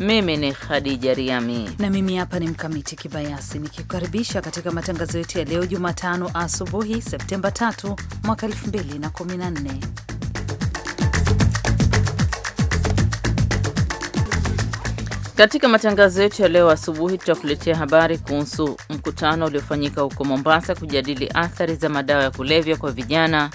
Mimi ni Khadija Riami na mimi hapa ni Mkamiti Kibayasi nikikukaribisha katika matangazo yetu ya leo Jumatano asubuhi Septemba 3 mwaka 2014. Katika matangazo yetu ya leo asubuhi tutakuletea habari kuhusu mkutano uliofanyika huko Mombasa kujadili athari za madawa ya kulevya kwa vijana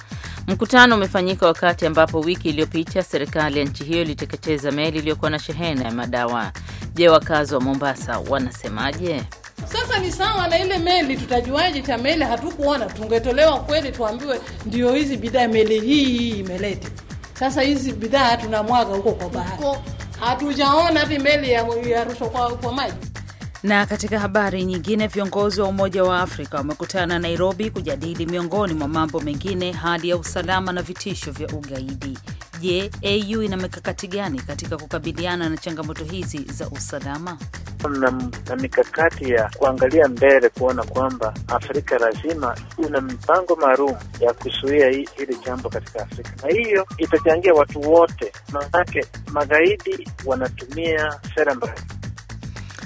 Mkutano umefanyika wakati ambapo wiki iliyopita serikali ya nchi hiyo iliteketeza meli iliyokuwa na shehena ya madawa. Je, wakazi wa Mombasa wanasemaje? Sasa ni sawa na ile meli, tutajuaje cha meli? Hatukuona, tungetolewa kweli tuambiwe ndio hizi bidhaa meli hii imelete Sasa hizi bidhaa tunamwaga huko kwa bahari, hatujaona hati meli ya rushwa kwa, kwa maji na katika habari nyingine, viongozi wa Umoja wa Afrika wamekutana Nairobi kujadili miongoni mwa mambo mengine hali ya usalama na vitisho vya ugaidi. Je, AU ina mikakati gani katika kukabiliana na changamoto hizi za usalama? Na, na mikakati ya kuangalia mbele kuona kwamba Afrika lazima una mipango maalum ya kuzuia hili jambo katika Afrika, na hiyo itachangia watu wote, manake magaidi wanatumia sera mbalimbali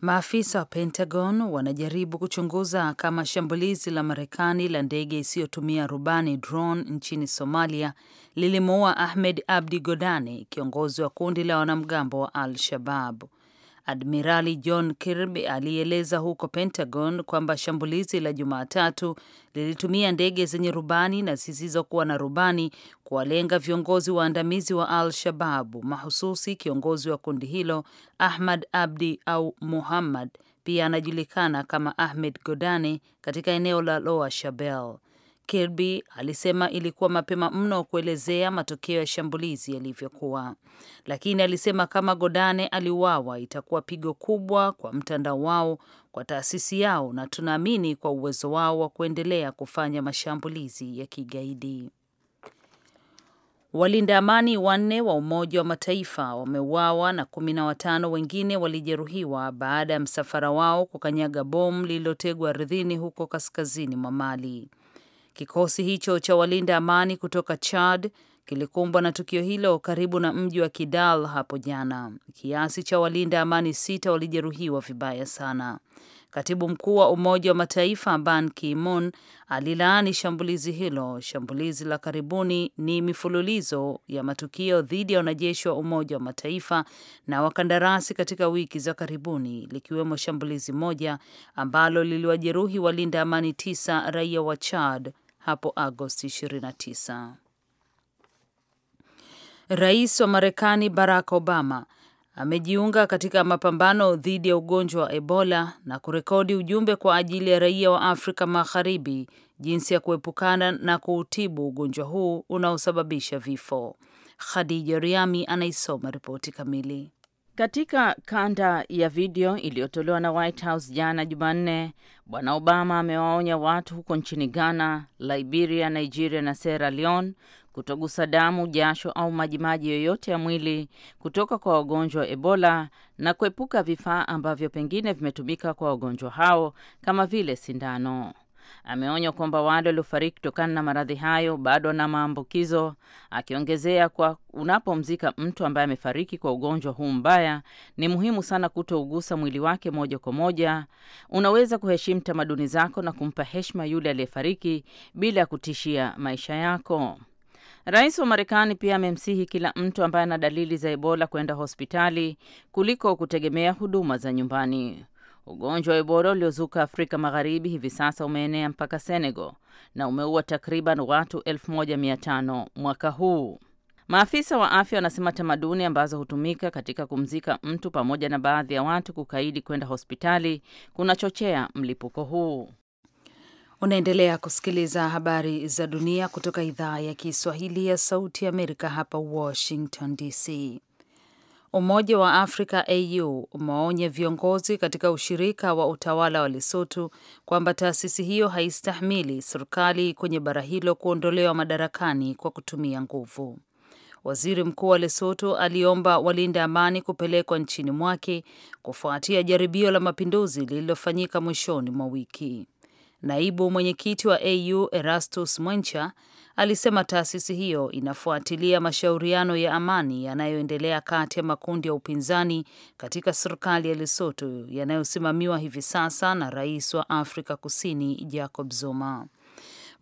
Maafisa wa Pentagon wanajaribu kuchunguza kama shambulizi la Marekani la ndege isiyotumia rubani drone nchini Somalia lilimuua Ahmed Abdi Godane, kiongozi wa kundi la wanamgambo wa Al Shabab. Admirali John Kirby alieleza huko Pentagon kwamba shambulizi la Jumatatu lilitumia ndege zenye rubani na zisizokuwa na rubani kuwalenga viongozi waandamizi wa Al Shababu, mahususi kiongozi wa kundi hilo Ahmad Abdi au Muhammad, pia anajulikana kama Ahmed Godane, katika eneo la loa Shabelle. Kirby alisema ilikuwa mapema mno kuelezea matokeo ya shambulizi yalivyokuwa, lakini alisema kama Godane aliuawa itakuwa pigo kubwa kwa mtandao wao, kwa taasisi yao, na tunaamini kwa uwezo wao wa kuendelea kufanya mashambulizi ya kigaidi. Walinda amani wanne wa Umoja wa Mataifa wameuawa na kumi na watano wengine walijeruhiwa baada ya msafara wao kukanyaga bomu lililotegwa ardhini huko kaskazini mwa Mali. Kikosi hicho cha walinda amani kutoka Chad kilikumbwa na tukio hilo karibu na mji wa Kidal hapo jana. Kiasi cha walinda amani sita walijeruhiwa vibaya sana. Katibu mkuu wa Umoja wa Mataifa Ban Ki-moon alilaani shambulizi hilo. Shambulizi la karibuni ni mifululizo ya matukio dhidi ya wanajeshi wa Umoja wa Mataifa na wakandarasi katika wiki za karibuni, likiwemo shambulizi moja ambalo liliwajeruhi walinda amani tisa raia wa Chad hapo Agosti 29. Rais wa Marekani Barack Obama amejiunga katika mapambano dhidi ya ugonjwa wa Ebola na kurekodi ujumbe kwa ajili ya raia wa Afrika Magharibi jinsi ya kuepukana na kuutibu ugonjwa huu unaosababisha vifo. Khadija Riami anaisoma ripoti kamili. Katika kanda ya video iliyotolewa na White House jana Jumanne, Bwana Obama amewaonya watu huko nchini Ghana, Liberia, Nigeria na Sierra Leone kutogusa damu, jasho au majimaji yoyote ya mwili kutoka kwa wagonjwa wa Ebola na kuepuka vifaa ambavyo pengine vimetumika kwa wagonjwa hao kama vile sindano. Ameonya kwamba wale waliofariki kutokana na maradhi hayo bado na maambukizo, akiongezea kwa unapomzika mtu ambaye amefariki kwa ugonjwa huu mbaya, ni muhimu sana kutougusa mwili wake moja kwa moja. Unaweza kuheshimu tamaduni zako na kumpa heshima yule aliyefariki bila ya kutishia maisha yako. Rais wa Marekani pia amemsihi kila mtu ambaye ana dalili za Ebola kwenda hospitali kuliko kutegemea huduma za nyumbani. Ugonjwa wa Ebola uliozuka Afrika Magharibi hivi sasa umeenea mpaka Senegal na umeua takriban watu 1500 mwaka huu. Maafisa wa afya wanasema tamaduni ambazo hutumika katika kumzika mtu pamoja na baadhi ya watu kukaidi kwenda hospitali kunachochea mlipuko huu. Unaendelea kusikiliza habari za dunia kutoka idhaa ya Kiswahili ya Sauti ya Amerika hapa Washington DC. Umoja wa Afrika au umewaonya viongozi katika ushirika wa utawala wa Lesotho kwamba taasisi hiyo haistahimili serikali kwenye bara hilo kuondolewa madarakani kwa kutumia nguvu. Waziri Mkuu wa Lesotho aliomba walinda amani kupelekwa nchini mwake kufuatia jaribio la mapinduzi lililofanyika mwishoni mwa wiki. Naibu mwenyekiti wa AU Erastus Mwencha alisema taasisi hiyo inafuatilia mashauriano ya amani yanayoendelea kati ya makundi ya upinzani katika serikali ya Lesotho yanayosimamiwa hivi sasa na rais wa Afrika Kusini Jacob Zuma.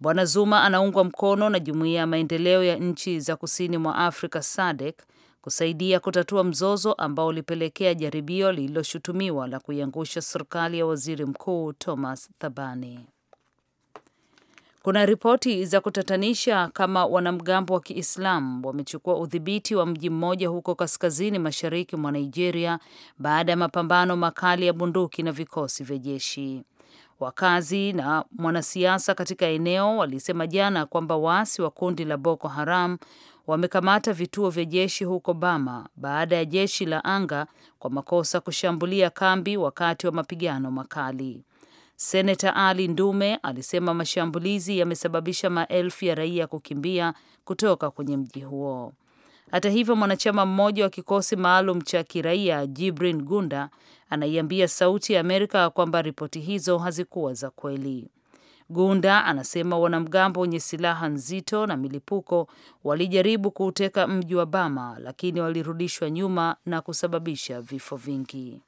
Bwana Zuma anaungwa mkono na Jumuiya ya Maendeleo ya Nchi za Kusini mwa Afrika SADC kusaidia kutatua mzozo ambao ulipelekea jaribio lililoshutumiwa la kuiangusha serikali ya Waziri Mkuu Thomas Thabane. Kuna ripoti za kutatanisha kama wanamgambo wa Kiislamu wamechukua udhibiti wa mji mmoja huko kaskazini mashariki mwa Nigeria baada ya mapambano makali ya bunduki na vikosi vya jeshi. Wakazi na mwanasiasa katika eneo walisema jana kwamba waasi wa kundi la Boko Haram wamekamata vituo vya jeshi huko Bama baada ya jeshi la anga kwa makosa kushambulia kambi wakati wa mapigano makali. Senata Ali Ndume alisema mashambulizi yamesababisha maelfu ya raia kukimbia kutoka kwenye mji huo. Hata hivyo, mwanachama mmoja wa kikosi maalum cha kiraia Jibrin Gunda anaiambia Sauti ya Amerika kwamba ripoti hizo hazikuwa za kweli. Gunda anasema wanamgambo wenye silaha nzito na milipuko walijaribu kuuteka mji wa Bama lakini walirudishwa nyuma na kusababisha vifo vingi.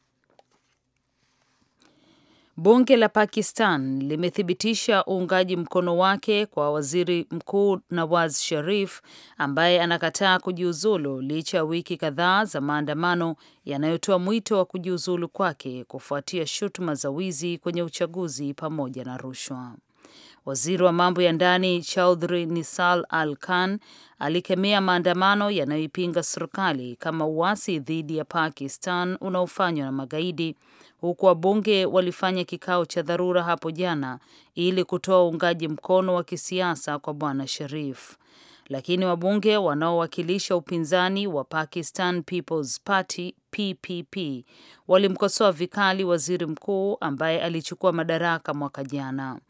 Bunge la Pakistan limethibitisha uungaji mkono wake kwa waziri mkuu Nawaz Sharif ambaye anakataa kujiuzulu licha ya wiki kadhaa za maandamano yanayotoa mwito wa kujiuzulu kwake kufuatia shutuma za wizi kwenye uchaguzi pamoja na rushwa. Waziri wa mambo ya ndani Chaudhry nisal Al Khan alikemea maandamano yanayoipinga serikali kama uasi dhidi ya Pakistan unaofanywa na magaidi huku wabunge walifanya kikao cha dharura hapo jana ili kutoa uungaji mkono wa kisiasa kwa bwana Sharif. Lakini wabunge wanaowakilisha upinzani wa Pakistan People's Party PPP walimkosoa vikali waziri mkuu ambaye alichukua madaraka mwaka jana.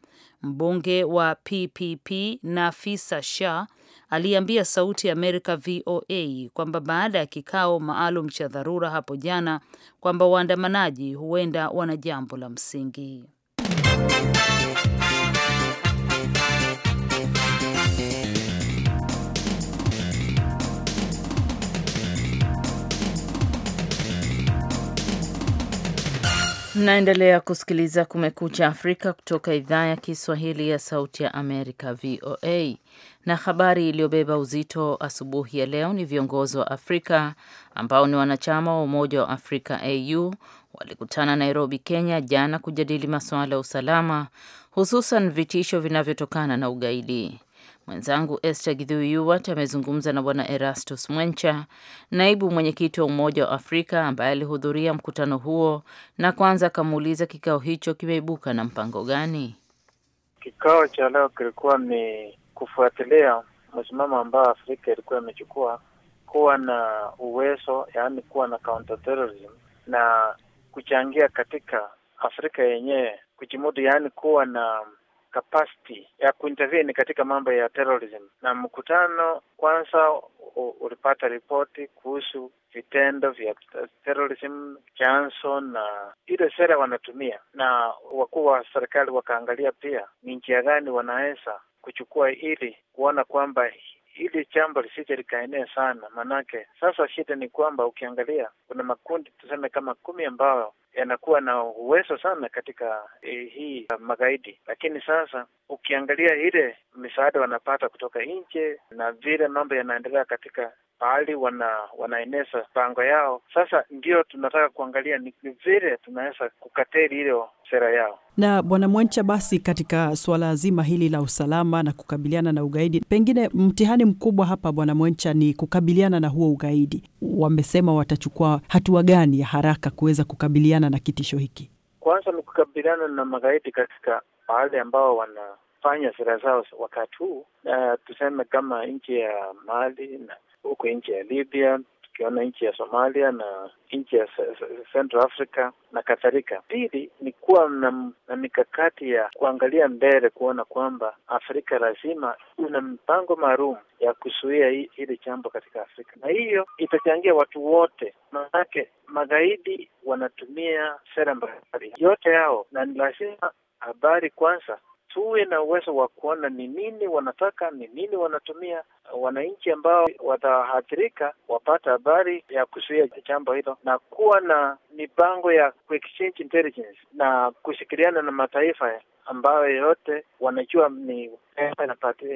Mbunge wa PPP Nafisa Shah aliambia Sauti ya Amerika VOA kwamba baada ya kikao maalum cha dharura hapo jana kwamba waandamanaji huenda wana jambo la msingi. Mnaendelea kusikiliza Kumekucha Afrika kutoka idhaa ya Kiswahili ya Sauti ya Amerika, VOA. Na habari iliyobeba uzito asubuhi ya leo ni viongozi wa Afrika ambao ni wanachama wa Umoja wa Afrika AU walikutana Nairobi, Kenya jana kujadili masuala ya usalama, hususan vitisho vinavyotokana na ugaidi. Mwenzangu Esther Githui Yuwat amezungumza na Bwana Erastus Mwencha, naibu mwenyekiti wa Umoja wa Afrika ambaye alihudhuria mkutano huo, na kwanza akamuuliza kikao hicho kimeibuka na mpango gani? Kikao cha leo kilikuwa ni kufuatilia msimamo ambao Afrika ilikuwa imechukua kuwa na uwezo, yaani kuwa na counter terrorism na kuchangia katika Afrika yenyewe kujimudu, yaani kuwa na capacity ya kuintervene katika mambo ya terrorism, na mkutano kwanza ulipata ripoti kuhusu vitendo vya terrorism, chanzo na ile sera wanatumia, na wakuu wa serikali wakaangalia pia ni njia gani wanaweza kuchukua ili kuona kwamba ili jambo lisije likaenea sana. Manake sasa shida ni kwamba ukiangalia kuna makundi tuseme kama kumi ambayo yanakuwa na uwezo sana katika e, hii e, magaidi. Lakini sasa ukiangalia ile misaada wanapata kutoka nje na vile mambo yanaendelea katika pahali wana, wanaeneza mipango yao. Sasa ndio tunataka kuangalia ni vile tunaweza kukateli hilo sera yao. Na Bwana mwencha basi katika suala zima hili la usalama na kukabiliana na ugaidi, pengine mtihani mkubwa hapa, Bwana mwencha ni kukabiliana na huo ugaidi. Wamesema watachukua hatua gani ya haraka kuweza kukabiliana na kitisho hiki? Kwanza ni kukabiliana na magaidi katika pahali ambao wanafanya sera zao wakati huu, na tuseme kama nchi ya Mali na huko nchi ya Libya, tukiona nchi ya Somalia na nchi ya Central Africa na kadhalika. Pili ni kuwa na, na mikakati ya kuangalia mbele, kuona kwamba Afrika lazima una mpango maalum ya kuzuia hili jambo katika Afrika, na hiyo itachangia watu wote, manake magaidi wanatumia sera mbalimbali yote yao, na ni lazima habari kwanza tuwe na uwezo wa kuona ni nini wanataka, ni nini wanatumia wananchi ambao wataathirika wapata habari ya kuzuia jambo hilo na kuwa na mipango ya exchange intelligence na kushikiliana na mataifa ambayo yote wanajua ni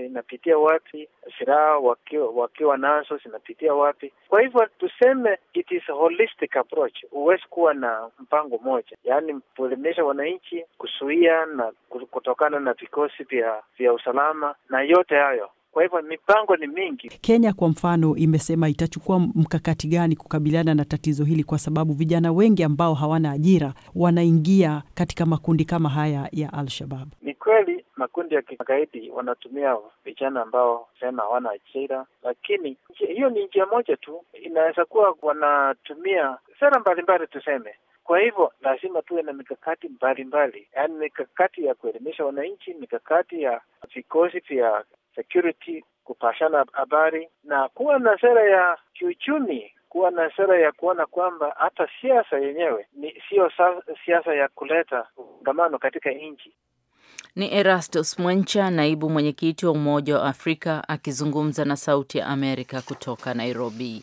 inapitia wapi, silaha wakiwa, wakiwa nazo zinapitia wapi. Kwa hivyo tuseme it is a holistic approach, huwezi kuwa na mpango mmoja, yaani kuelimisha wananchi, kuzuia na kutokana na vikosi vya usalama na yote hayo kwa hivyo mipango ni mingi. Kenya kwa mfano imesema itachukua mkakati gani kukabiliana na tatizo hili, kwa sababu vijana wengi ambao hawana ajira wanaingia katika makundi kama haya ya alshabab Ni kweli makundi ya kigaidi wanatumia vijana ambao sema hawana ajira, lakini hiyo ni njia moja tu, inaweza kuwa wanatumia sera mbalimbali tuseme kwa hivyo lazima tuwe na mikakati mbalimbali, yaani mikakati ya kuelimisha wananchi, mikakati ya vikosi vya security, kupashana habari na kuwa na sera ya kiuchumi, kuwa na sera ya kuona kwamba hata siasa yenyewe ni siyo siasa ya kuleta ungamano katika nchi. Ni Erastus Mwencha, naibu mwenyekiti wa Umoja wa Afrika akizungumza na Sauti ya Amerika kutoka Nairobi.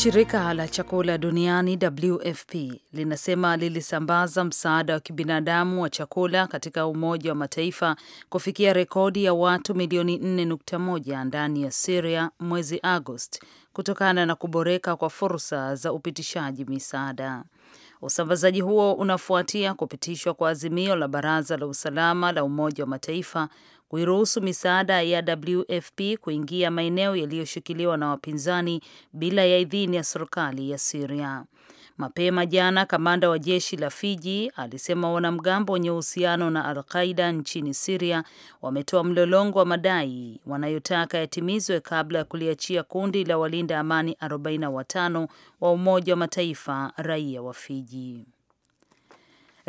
Shirika la chakula duniani WFP linasema lilisambaza msaada wa kibinadamu wa chakula katika Umoja wa Mataifa kufikia rekodi ya watu milioni 4.1 ndani ya Syria mwezi Agosti kutokana na kuboreka kwa fursa za upitishaji misaada. Usambazaji huo unafuatia kupitishwa kwa azimio la Baraza la Usalama la Umoja wa Mataifa kuiruhusu misaada ya WFP kuingia maeneo yaliyoshikiliwa na wapinzani bila ya idhini ya serikali ya Syria. Mapema jana kamanda wa jeshi la Fiji alisema wanamgambo wenye uhusiano na Al Qaida nchini Siria wametoa mlolongo wa madai wanayotaka yatimizwe kabla ya kuliachia kundi la walinda amani 45 wa Umoja wa Mataifa raia wa Fiji.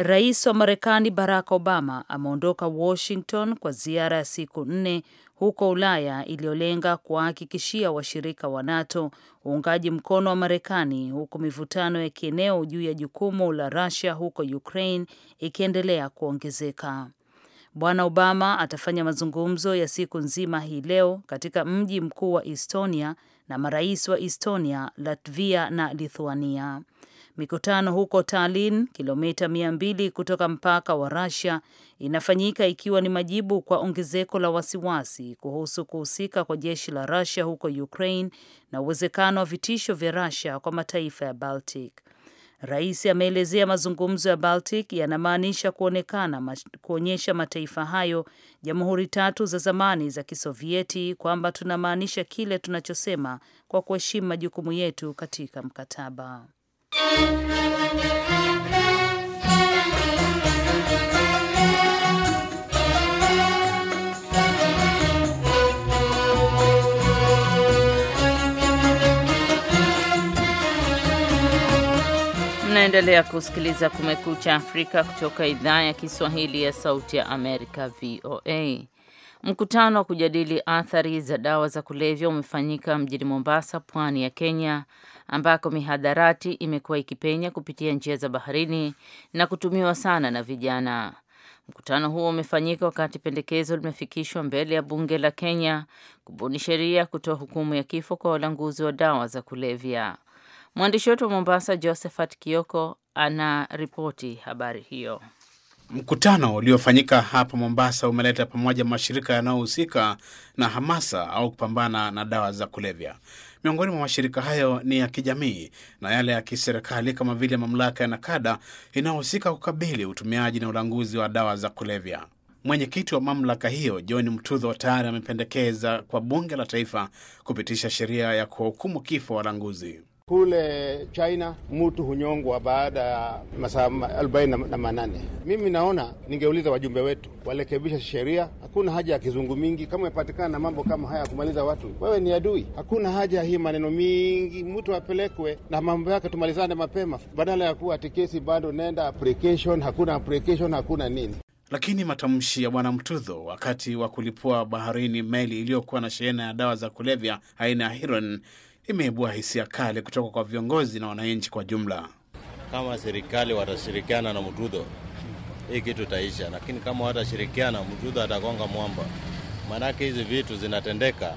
Rais wa Marekani Barack Obama ameondoka Washington kwa ziara ya siku nne huko Ulaya iliyolenga kuwahakikishia washirika wa NATO uungaji mkono wa Marekani huku mivutano ya kieneo juu ya jukumu la rasia huko Ukraine ikiendelea kuongezeka. Bwana Obama atafanya mazungumzo ya siku nzima hii leo katika mji mkuu wa Estonia na marais wa Estonia, Latvia na Lithuania. Mikutano huko Tallinn, kilomita 200 kutoka mpaka wa Russia, inafanyika ikiwa ni majibu kwa ongezeko la wasiwasi kuhusu kuhusika kwa jeshi la Russia huko Ukraine na uwezekano wa vitisho vya Russia kwa mataifa ya Baltic. Rais ameelezea mazungumzo ya Baltic yanamaanisha kuonekana kuonyesha mataifa hayo jamhuri tatu za zamani za Kisovieti kwamba tunamaanisha kile tunachosema kwa kuheshimu majukumu yetu katika mkataba. Mnaendelea kusikiliza Kumekucha Afrika kutoka idhaa ya Kiswahili ya Sauti ya Amerika, VOA. Mkutano wa kujadili athari za dawa za kulevya umefanyika mjini Mombasa, pwani ya Kenya, ambako mihadarati imekuwa ikipenya kupitia njia za baharini na kutumiwa sana na vijana. Mkutano huo umefanyika wakati pendekezo limefikishwa mbele ya bunge la Kenya kubuni sheria kutoa hukumu ya kifo kwa walanguzi wa dawa za kulevya. Mwandishi wetu wa Mombasa, Josephat Kioko, ana ripoti habari hiyo. Mkutano uliofanyika hapa Mombasa umeleta pamoja mashirika yanayohusika na hamasa au kupambana na dawa za kulevya. Miongoni mwa mashirika hayo ni ya kijamii na yale ya kiserikali kama vile mamlaka ya Nakada inayohusika kukabili utumiaji na ulanguzi wa dawa za kulevya. Mwenyekiti wa mamlaka hiyo John Mtudho tayari amependekeza kwa bunge la taifa kupitisha sheria ya kuwahukumu kifo walanguzi. Kule China mtu hunyongwa baada ya masaa arobaini na manane. Mimi naona ningeuliza wajumbe wetu warekebisha sheria. Hakuna haja ya kizungu mingi. Kama imepatikana na mambo kama haya ya kumaliza watu, wewe ni adui. Hakuna haja ya hii maneno mingi, mtu apelekwe na mambo yake, tumalizane mapema, badala ya kuwa tikesi bado nenda application, hakuna application, hakuna nini. Lakini matamshi ya Bwana Mtudho wakati wa kulipua baharini meli iliyokuwa na shehena ya dawa za kulevya aina ya heroin imeibua hisia kali kutoka kwa viongozi na wananchi kwa jumla. Kama serikali watashirikiana na Mududho hii kitu itaisha, lakini kama watashirikiana, Mtudho atagonga mwamba, maanake hizi vitu zinatendeka,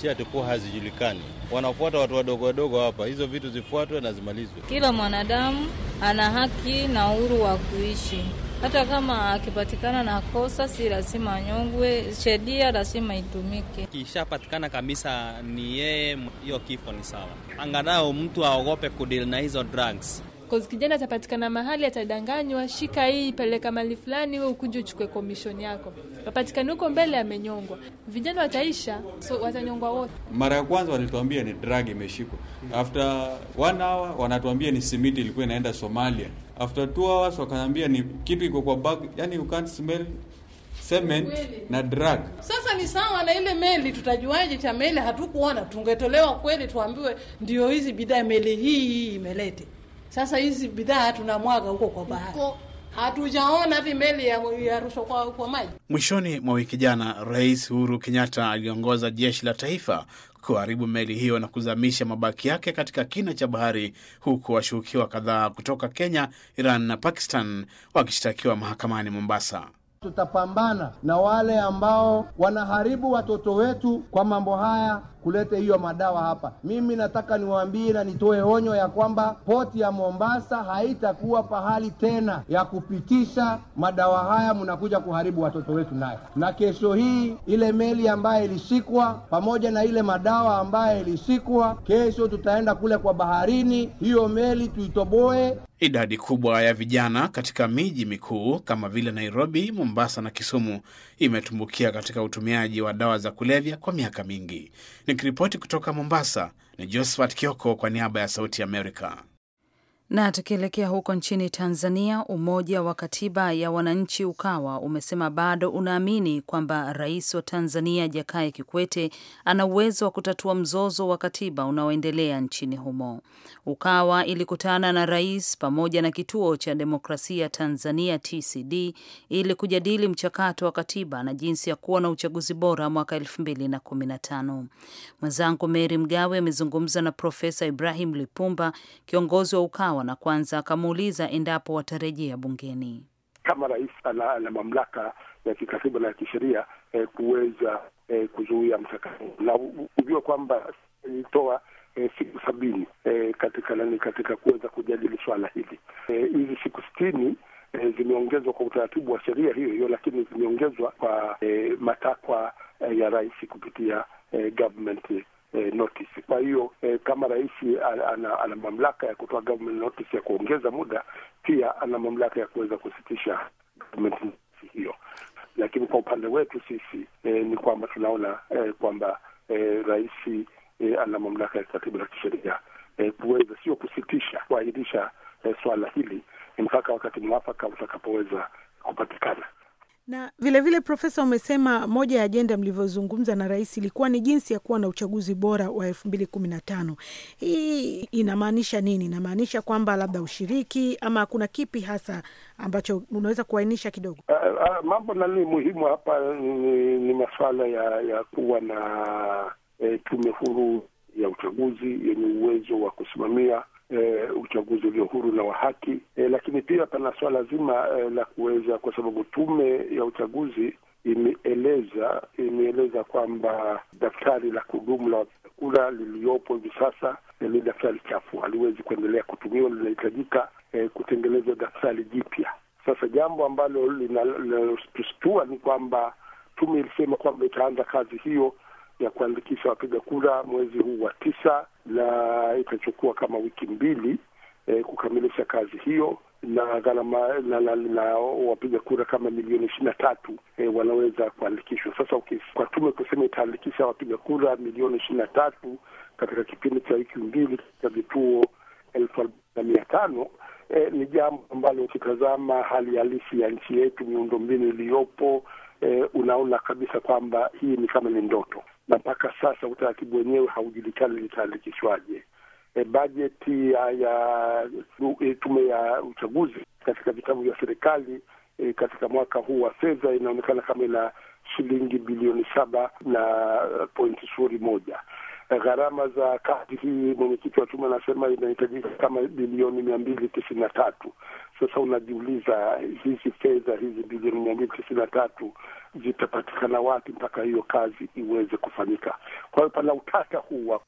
si atikuwa hazijulikani. Wanafuata watu wadogo wadogo hapa, hizo vitu zifuatwe na zimalizwe. Kila mwanadamu ana haki na uhuru wa kuishi hata kama akipatikana na kosa si lazima anyongwe, sheria lazima itumike. Kishapatikana kabisa ni yeye, hiyo kifo ni sawa, angalau mtu aogope kudili na hizo drugs cause kijana atapatikana mahali atadanganywa, shika hii peleka mali fulani, wewe ukuje uchukue commission yako, apatikane huko mbele amenyongwa. Vijana wataisha, so watanyongwa wote. Mara ya kwanza walituambia ni drug imeshikwa, after one hour wanatuambia ni simiti ilikuwa inaenda Somalia, after two hours wakaniambia ni kitu iko kwa bag, yani you can't smell cement na drug. Sasa ni sawa na ile meli, tutajuaje cha meli? Hatukuona, tungetolewa kweli tuambiwe ndio hizi bidhaa meli hii imelete sasa hizi bidhaa hatunamwaga huko kwa bahari, hatujaona vimeli ya, ya kwa, kwa maji. Mwishoni mwa wiki jana, Rais Uhuru Kenyatta aliongoza jeshi la taifa kuharibu meli hiyo na kuzamisha mabaki yake katika kina cha bahari, huku washukiwa kadhaa kutoka Kenya, Iran na Pakistan wakishtakiwa mahakamani Mombasa. Tutapambana na wale ambao wanaharibu watoto wetu kwa mambo haya, kulete hiyo madawa hapa. Mimi nataka niwaambie na nitoe onyo ya kwamba poti ya Mombasa haitakuwa pahali tena ya kupitisha madawa haya, mnakuja kuharibu watoto wetu nayo Na kesho hii ile meli ambayo ilishikwa pamoja na ile madawa ambayo ilishikwa, kesho tutaenda kule kwa baharini, hiyo meli tuitoboe. Idadi kubwa ya vijana katika miji mikuu kama vile Nairobi, Mombasa na Kisumu imetumbukia katika utumiaji wa dawa za kulevya kwa miaka mingi. Nikiripoti kutoka Mombasa ni Josephat Kioko kwa niaba ya Sauti Amerika. Na tukielekea huko nchini Tanzania, Umoja wa Katiba ya Wananchi Ukawa umesema bado unaamini kwamba Rais wa Tanzania Jakaya Kikwete ana uwezo wa kutatua mzozo wa katiba unaoendelea nchini humo. Ukawa ilikutana na rais pamoja na Kituo cha Demokrasia Tanzania TCD ili kujadili mchakato wa katiba na jinsi ya kuwa na uchaguzi bora mwaka 2015. Mwenzangu Mary Mgawe amezungumza na Profesa Ibrahim Lipumba, kiongozi wa Ukawa sawa, na kwanza akamuuliza endapo watarejea bungeni kama rais ana mamlaka ya kikatiba na ya kisheria eh, kuweza eh, kuzuia mchakato na hujua kwamba ilitoa eh, siku sabini eh, katika nani, katika kuweza kujadili swala hili. Eh, hizi eh, siku sitini eh, zimeongezwa kwa utaratibu wa sheria hiyo hiyo, lakini zimeongezwa kwa eh, matakwa eh, ya rais kupitia eh, government eh, notice. Kwa hiyo eh, kama rais ana, ana, ana mamlaka ya kutoa government notice ya kuongeza muda, pia ana mamlaka ya kuweza kusitisha government hiyo. Lakini kwa upande wetu sisi eh, ni kwamba tunaona eh, kwamba eh, rais eh, ana mamlaka ya katiba na kisheria eh, kuweza sio kusitisha, kuahirisha eh, swala hili mpaka wakati mwafaka utakapoweza kupatikana na vilevile profesa, umesema moja ya ajenda mlivyozungumza na rais ilikuwa ni jinsi ya kuwa na uchaguzi bora wa elfu mbili kumi na tano. Hii inamaanisha nini? Inamaanisha kwamba labda ushiriki ama kuna kipi hasa ambacho unaweza kuainisha kidogo? Uh, uh, mambo nali muhimu hapa ni, ni masuala ya, ya kuwa na eh, tume huru ya uchaguzi yenye uwezo wa kusimamia e, eh, uchaguzi ulio huru na wa haki e, lakini pia pana swala zima e, la kuweza, kwa sababu tume ya uchaguzi imeeleza imeeleza kwamba daftari la kudumu la kura liliyopo hivi sasa ni daftari chafu, haliwezi kuendelea kutumiwa, linahitajika e, kutengenezwa daftari jipya. Sasa jambo ambalo linalotustua ni kwamba tume ilisema kwamba itaanza kazi hiyo ya kuandikisha wapiga kura mwezi huu wa tisa, na itachukua kama wiki mbili eh, kukamilisha kazi hiyo na gharama na, na, na wapiga kura kama milioni ishirini na tatu e, wanaweza kuandikishwa. Sasa kwa tume kusema itaandikisha wapiga kura milioni ishirini na tatu katika kipindi cha wiki mbili katika vituo elfu arobaini na mia tano e, ni jambo ambalo ukitazama hali halisi ya nchi yetu, miundombinu iliyopo, e, unaona kabisa kwamba hii ni kama ni ndoto na mpaka sasa utaratibu wenyewe haujulikani litaandikishwaje. E, bajeti ya, ya e, tume ya uchaguzi katika vitabu vya serikali e, katika mwaka huu wa fedha inaonekana kama ina shilingi bilioni saba na pointi sfuri moja. E, gharama za kadi hii mwenyekiti wa tume anasema inahitajika kama bilioni mia mbili tisini na tatu. Sasa unajiuliza hizi fedha hizi bilioni mia mbili tisini na tatu vitapatikana wapi mpaka hiyo kazi iweze kufanyika. Kwa hiyo pana utata huu wa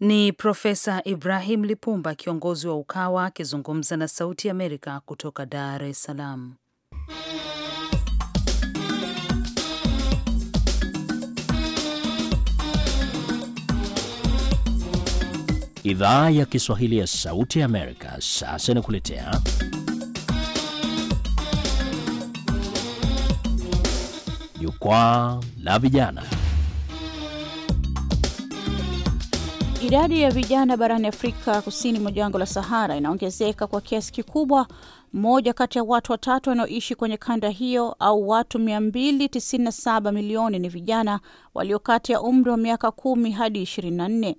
ni Profesa Ibrahim Lipumba, kiongozi wa UKAWA akizungumza na Sauti ya Amerika kutoka Dar es Salaam. Idhaa ya Kiswahili ya Sauti ya Amerika sasa inakuletea Jukwaa la vijana. Idadi ya vijana barani Afrika kusini mwa jango la Sahara inaongezeka kwa kiasi kikubwa. Mmoja kati ya watu watatu wanaoishi kwenye kanda hiyo au watu 297 milioni ni vijana walio kati ya umri wa miaka 10 hadi 24.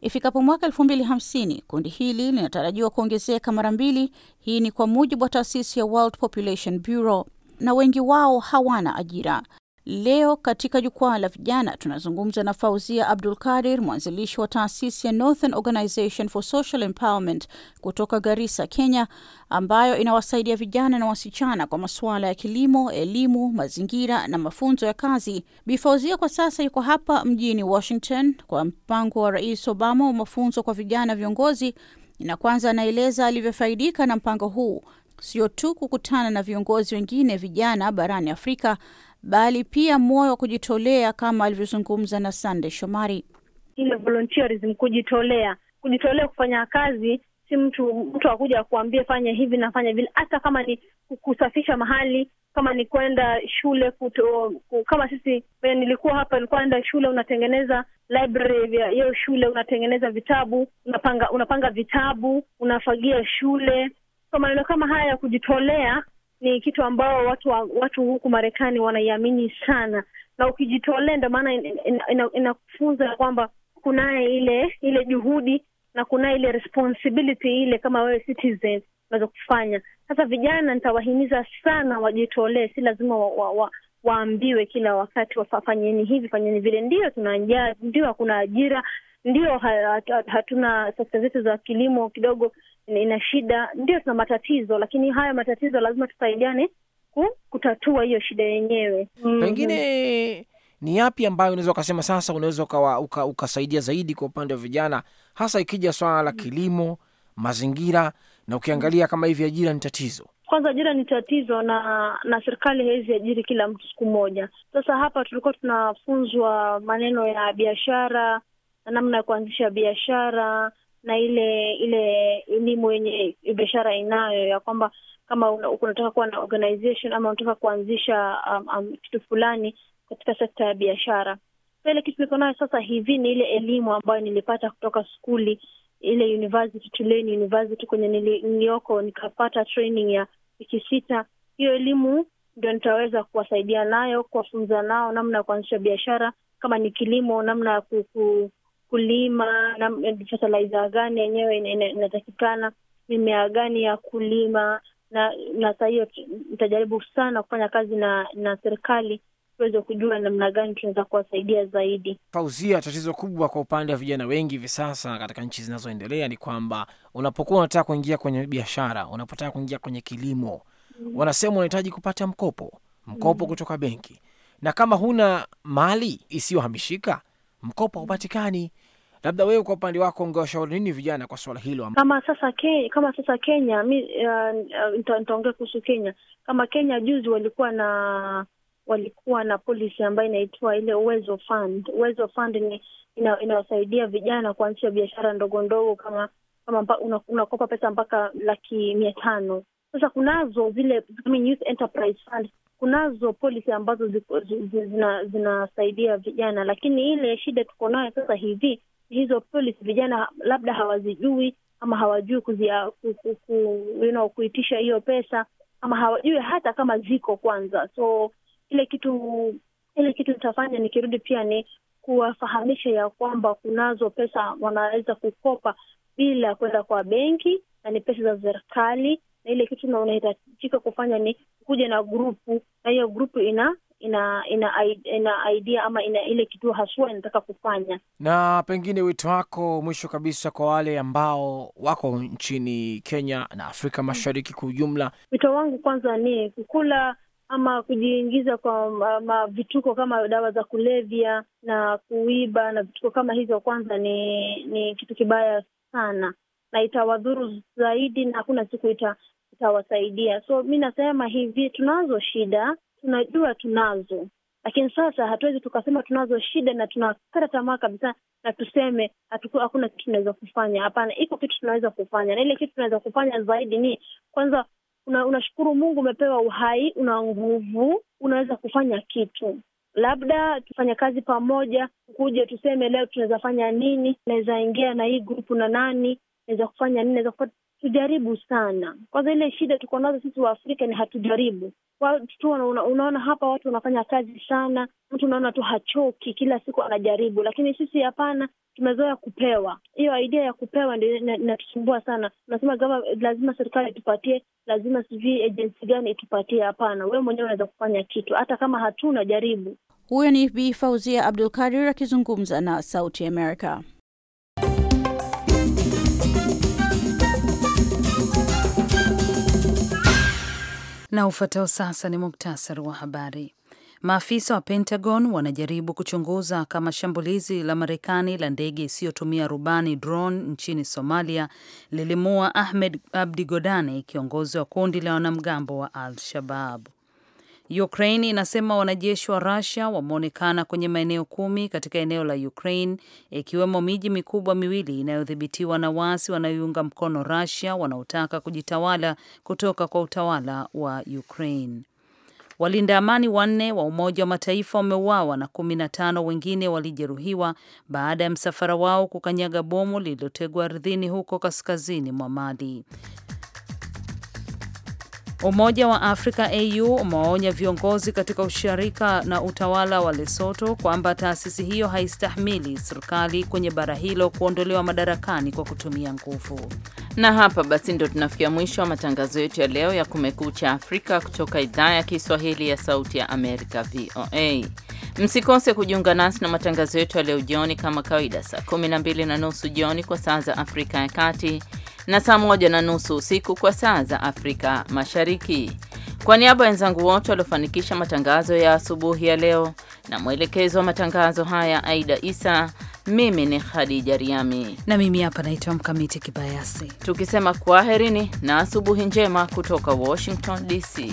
Ifikapo mwaka 2050 kundi hili linatarajiwa kuongezeka mara mbili. Hii ni kwa mujibu wa taasisi ya World Population Bureau, na wengi wao hawana ajira. Leo katika jukwaa la vijana tunazungumza na Fauzia Abdul Kadir, mwanzilishi wa taasisi ya Northern Organization for Social Empowerment kutoka Garissa, Kenya, ambayo inawasaidia vijana na wasichana kwa masuala ya kilimo, elimu, mazingira na mafunzo ya kazi. Bi Fauzia kwa sasa yuko hapa mjini Washington kwa mpango wa Rais Obama wa mafunzo kwa vijana viongozi, na kwanza anaeleza alivyofaidika na mpango huu, sio tu kukutana na viongozi wengine vijana barani Afrika bali pia moyo wa kujitolea kama alivyozungumza na Sande Shomari. Ile volunteerism, kujitolea, kujitolea kufanya kazi, si mtu mtu akuja kuambia fanya hivi na fanya vile, hata kama ni kusafisha mahali kama ni kwenda shule kuto, kama sisi nilikuwa hapa, nilikuwa naenda shule, unatengeneza library hiyo shule, unatengeneza vitabu, unapanga unapanga vitabu, unafagia shule. Kwa maneno kama haya ya kujitolea ni kitu ambao watu wa, watu huku Marekani wanaiamini sana, na ukijitolea, ndio maana inakufunza ina, kwamba kunaye ile ile juhudi na kunaye ile responsibility ile kama wewe citizen unaweza kufanya. Sasa vijana, nitawahimiza sana wajitolee, si lazima wa, wa, wa, waambiwe kila wakati wafanyeni hivi fanyeni vile. Ndio tuna ndio hakuna ajira ndio hatuna sekta zetu za kilimo kidogo ina shida, ndio tuna matatizo, lakini haya matatizo lazima tusaidiane kutatua hiyo shida yenyewe. Mm-hmm. Pengine mm, ni yapi ambayo unaweza ukasema sasa unaweza uka, ukasaidia zaidi kwa upande wa vijana, hasa ikija swala la kilimo, mazingira na ukiangalia kama hivi ajira ni tatizo kwanza ajira ni tatizo na na serikali haiwezi ajiri kila mtu siku moja. Sasa hapa tulikuwa tunafunzwa maneno ya biashara, na namna ya kuanzisha biashara na ile ile elimu yenye biashara inayo ya kwamba kama unataka kuwa na organization ama unataka kuanzisha um, um, kitu fulani katika sekta ya biashara. So ile kitu niko nayo sasa hivi ni ile elimu ambayo nilipata kutoka skuli ile university, Tulane University kwenye niliyoko, nikapata training ya wiki sita. Hiyo elimu ndio nitaweza kuwasaidia nayo, kuwafunza nao namna ya kuanzisha biashara, kama ni kilimo, namna ya kulima na fertilizer gani yenyewe inatakikana, mimea gani ya kulima, na na saa hiyo nitajaribu sana kufanya kazi na na serikali tuweze kujua namna gani tunaweza kuwasaidia zaidi. Fauzia, tatizo kubwa kwa upande wa vijana wengi hivi sasa katika nchi zinazoendelea ni kwamba unapokuwa unataka kuingia kwenye biashara, unapotaka kuingia kwenye kilimo mm. wanasema unahitaji kupata mkopo, mkopo mm. kutoka benki, na kama huna mali isiyohamishika mkopo haupatikani. Labda wewe kwa upande wako ungewashauri nini vijana kwa swala hilo? Kama sasa Kenya, kama sasa Kenya mi uh, uh nitaongea kuhusu Kenya. Kama Kenya juzi walikuwa na walikuwa na polisi ambayo inaitwa ile Uwezo Fund. Uwezo Fund ni inawasaidia ina vijana kuanzisha biashara ndogo ndogo, kama kama unakopa una pesa mpaka laki mia tano. Sasa kunazo zile Youth Enterprise Fund, kunazo polisi ambazo zinasaidia zina vijana, lakini ile shida tuko nayo sasa hivi hizo policy vijana labda hawazijui ama hawajui kuzia, ku, ku, ku, you know, kuitisha hiyo pesa ama hawajui hata kama ziko kwanza. So ile kitu ile kitu nitafanya nikirudi pia ni kuwafahamisha ya kwamba kunazo pesa wanaweza kukopa bila kwenda kwa benki na ni pesa za serikali, na ile kitu unahitajika kufanya ni kuja na grupu, na hiyo grupu ina ina ina ina idea ama ina ile kitu haswa inataka kufanya. Na pengine wito wako mwisho kabisa kwa wale ambao wako nchini Kenya na Afrika mm. Mashariki kwa ujumla? Wito wangu kwanza ni kukula ama kujiingiza kwa ma, vituko kama dawa za kulevya na kuiba na vituko kama hivyo, kwanza ni ni kitu kibaya sana, na itawadhuru zaidi, na hakuna siku ita itawasaidia. So mi nasema hivi, tunazo shida tunajua tunazo, lakini sasa hatuwezi tukasema tunazo shida na tunakata tamaa kabisa na tuseme hatuku, hakuna kitu tunaweza kufanya. Hapana, iko kitu tunaweza kufanya, na ile kitu tunaweza kufanya zaidi ni kwanza, una, unashukuru Mungu umepewa uhai, una nguvu, unaweza kufanya kitu labda tufanye kazi pamoja, kuje tuseme leo tunaweza fanya nini, naweza ingia na hii grupu na nani, naweza kufanya nini, naweza hatujaribu sana. Kwanza ile shida tuko nazo sisi afrika ni hatujaribu. Watu una, unaona hapa watu wanafanya kazi sana, mtu unaona tu hachoki, kila siku anajaribu, lakini sisi hapana, tumezoea kupewa. Hiyo idea ya kupewa ndio inatusumbua sana. Unasema gava, lazima serikali itupatie, lazima sijui ejensi gani itupatie. Hapana, wewe mwenyewe unaweza kufanya kitu, hata kama hatuna jaribu. Huyo ni Bi Fauzia Abdul Kadir akizungumza na Sauti Amerika. Na ufuatao sasa ni muktasari wa habari. Maafisa wa Pentagon wanajaribu kuchunguza kama shambulizi la Marekani la ndege isiyotumia rubani drone nchini Somalia lilimua Ahmed Abdi Godane, kiongozi wa kundi la wanamgambo wa Al Shabab. Ukraine inasema wanajeshi wa Russia wameonekana kwenye maeneo kumi katika eneo la Ukraine, ikiwemo miji mikubwa miwili inayodhibitiwa na waasi wanaoiunga mkono Russia wanaotaka kujitawala kutoka kwa utawala wa Ukraine. Walinda amani wanne wa Umoja wa Mataifa wameuawa na kumi na tano wengine walijeruhiwa baada ya msafara wao kukanyaga bomu lililotegwa ardhini huko kaskazini mwa Mali. Umoja wa Afrika AU umewaonya viongozi katika ushirika na utawala wa Lesotho kwamba taasisi hiyo haistahimili serikali kwenye bara hilo kuondolewa madarakani kwa kutumia nguvu. Na hapa basi ndo tunafikia mwisho wa matangazo yetu ya leo ya Kumekucha Afrika kutoka idhaa ya Kiswahili ya Sauti ya Amerika, VOA. Msikose kujiunga nasi na matangazo yetu ya leo jioni, kama kawaida, saa 12 na nusu jioni kwa saa za Afrika ya Kati na saa moja na nusu usiku kwa saa za Afrika Mashariki. Kwa niaba ya wenzangu wote waliofanikisha matangazo ya asubuhi ya leo na mwelekezo wa matangazo haya Aida Isa, mimi ni Khadija Riami na mimi hapa naitwa Mkamiti Kibayasi, tukisema kwaherini na asubuhi njema kutoka Washington DC.